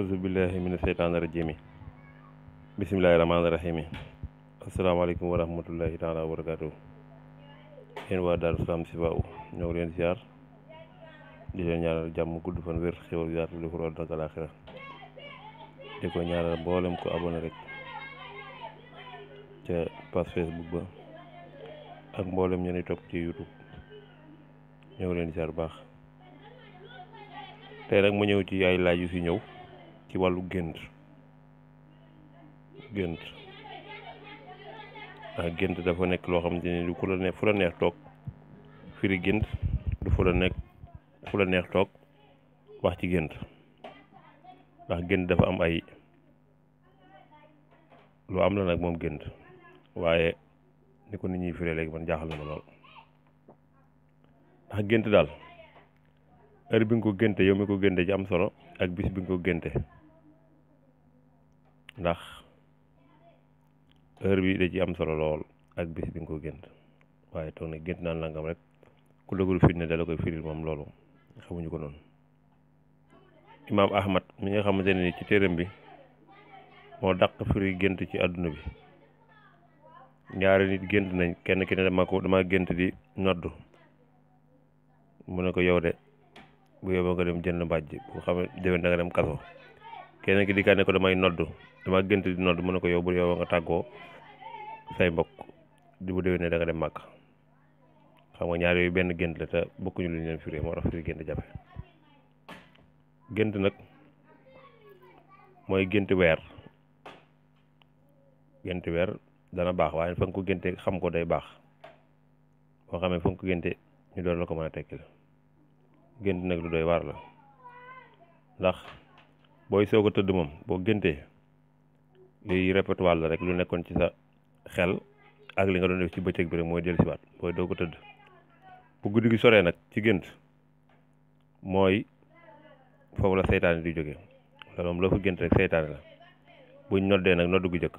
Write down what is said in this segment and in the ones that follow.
auzu billahi mina sheytaani rajimi bismillahi rahmaani rahimi asalaamaaleykum wa rahmatullahi taala wa barakaatu yéen waa Daaru Salaam Chifaou ñoo ngi leen ziar di leen ñaanal jàmm gudd fan wér xéwal yaatu li xur àdduna ak alaaxira di ko ñaanal mboolem ko abonné rek ca page Facebook ba ak mboolem ñu ni topp ci YouTube ñoo ngi leen ziar baax tey nag ma ñëw ci ay laaj yu fi ñëw ci wàllu gént gént ndax ah, gént dafa nekk loo xamante ni du ku la neex fu la neex toog firi gént du fu la nekk fu la neex toog wax ci gént dax gént dafa am ay lu am la nag moom gént waaye ni ko nit ñuy firee léegi man jaaxal na ma lool ndax gént daal heure bi nga ko génte yow mi ko génte ci am solo ak bis bi nga ko génte ndax heure bi da ci am solo lool ak bis bi nga ko gént waaye toog ne gént naan nangam rek ku dëggul fitne dala koy firil moom loolu xamuñu ko noonu imaam ahmad mi nga xamante ne ni ci téeram bi moo daq firi gént ci àdduna bi ñaari nit gént nañ kenn ki ne dama gént di noddu mu ne ko yow de bu boo nga dem jënd mbàjj bu xam ne déwén da nga dem kaso keneen ki dikkaat ne ko damay nodd dama gënt di nodd mën ne ko yow bu yow nga taggoo say mbokk di bu déwénee da nga dem màkk xam nga ñaar yooyu benn gént la te bokkuñu lu ñu leen firee moo tax firi gént jafe gént nag mooy gént weer gént weer dana baax waaye fa ko génte xam ko day baax boo xamee fa nga ko génte ñu doon la ko mën a tekkil gént nag lu doy waar la ndax booy soog a tëdd moom boo géntee liy répertoire la rek lu nekkoon ci sa xel ak li nga doon def ci bëccëg bi rek mooy dellu siwaat booy doo ko tëdd bu guddi gi soree nag ci gént mooy foofu la seytaane di jóge loolu moom loo fa gént rek seytaane la buñ noddee nag noddu gu jëkk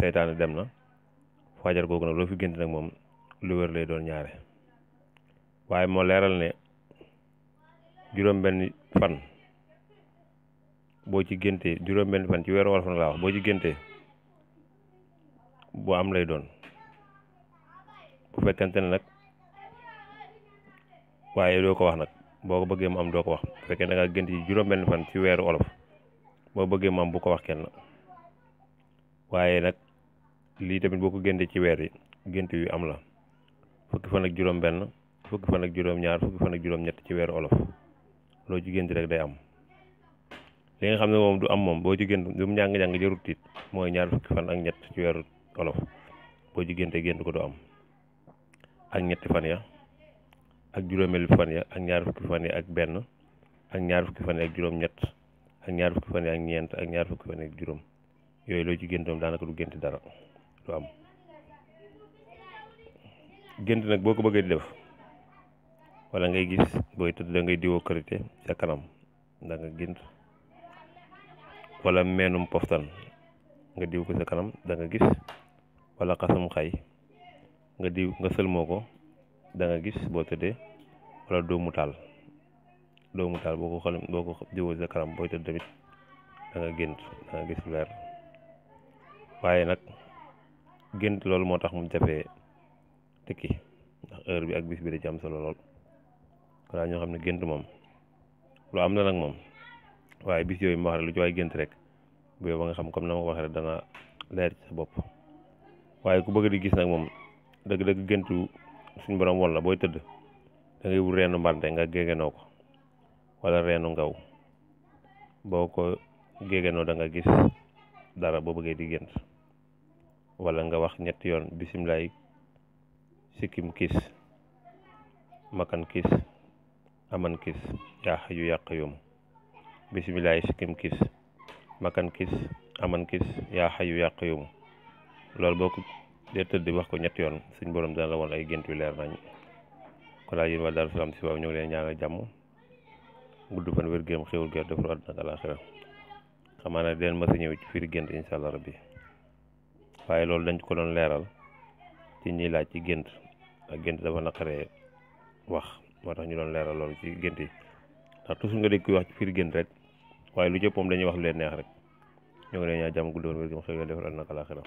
seytaane dem na fajar googu nag loo fi gént nag moom lu wér lay doon ñaare waaye moo leeral ne juróom benn fan boo ci géntee juróom-benn fan ci weeru wolof na laa wax boo am lay doon bu fekkente ne nag waaye doo ko wax nag boo ko bëggee mu am doo ko wax bu fekkee da ngaa gént ci juróom-benn fan ci weeru wolof boo bëggee mu am bu ko wax kenn waaye nag lii tamit boo ko géntee ci weer yi gént yu am la fukki fan ak juróom-benn fukki fan ak juróom-ñaar fukki fan ak juróom-ñett ci weeru wolof loo ci gént rek day am. li nga xam ne moom du am moom boo ci génn lu mu njàng-njàng jarut tiit mooy ñaar fukki fan ak ñett ci weeru olof boo ci génte génn ko du am ak ñetti fan ya ak juróomeelu fan ya ak ñaar fukki fan ya ak benn ak ñaar fukki fan ak juróom-ñett ak ñaar fukki fan ya ak ñeent ak ñaar juróom yooyu loo ci géntoom daanaka du génti dara du am gént nag boo ko bëggee di def wala ngay gis booy tëdd da ngay diwoo karité sa kanam da nga gént wala meenum poftan nga diw ko sa kanam danga gis wala xasum xay nga diw nga sëlmoo ko danga gis boo tëddee wala doomu taal doomu taal boo ko xalam boo ko diwoo sa kanam booy tëdd tamit danga gént da nga gis leer waaye nag gént loolu moo tax mu jafee tekki ndax heure bi ak bis bi da ci am solo lool kon ñoo xam ne gént moom lu am la nag moom waaye bis yooyu ma wax rek lu ci waay gént rek bu yow ba nga xam comme na ma ko waxee rek dana leer ci sa bopp waaye ku bëgg di gis nag moom dëgg-dëgg géntu suñu borom walla booy tëdd da ngay wut nga géeganoo ko wala reenu ngaw boo ko géeganoo da gis dara boo bëggee di gént wala nga wax ñetti yoon bisimilaay sikim kiis makan kiis aman kiis yaa xayu yàq yum bisimilahi sikkim kis makan kis aman kis yaa xayu yaa qayum loolu boo ko dee tëdd wax ko ñett yoon suñ borom dana la woon ay gént yu leer nañ kon daal yéen waa Daaru Salaam si waaw ñu ngi leen ñaanal jàmm gudd fan wér géem xéwul gerte defaru àdduna ak ñëw ci fiir gént incha allah rabbi waaye loolu dañ ko doon leeral ci ñiy laaj ci gént ak gént dafa naqaree wax moo tax ñu doon leeral lool ci gént yi ndax toujours nga dégg kuy wax ci fiir gént rek waaye lu jëpp moom dañuy wax lu leen neex rek ñoo ngi leen ñaan jàmm guddóon wér gi mu xëy yo defal àddina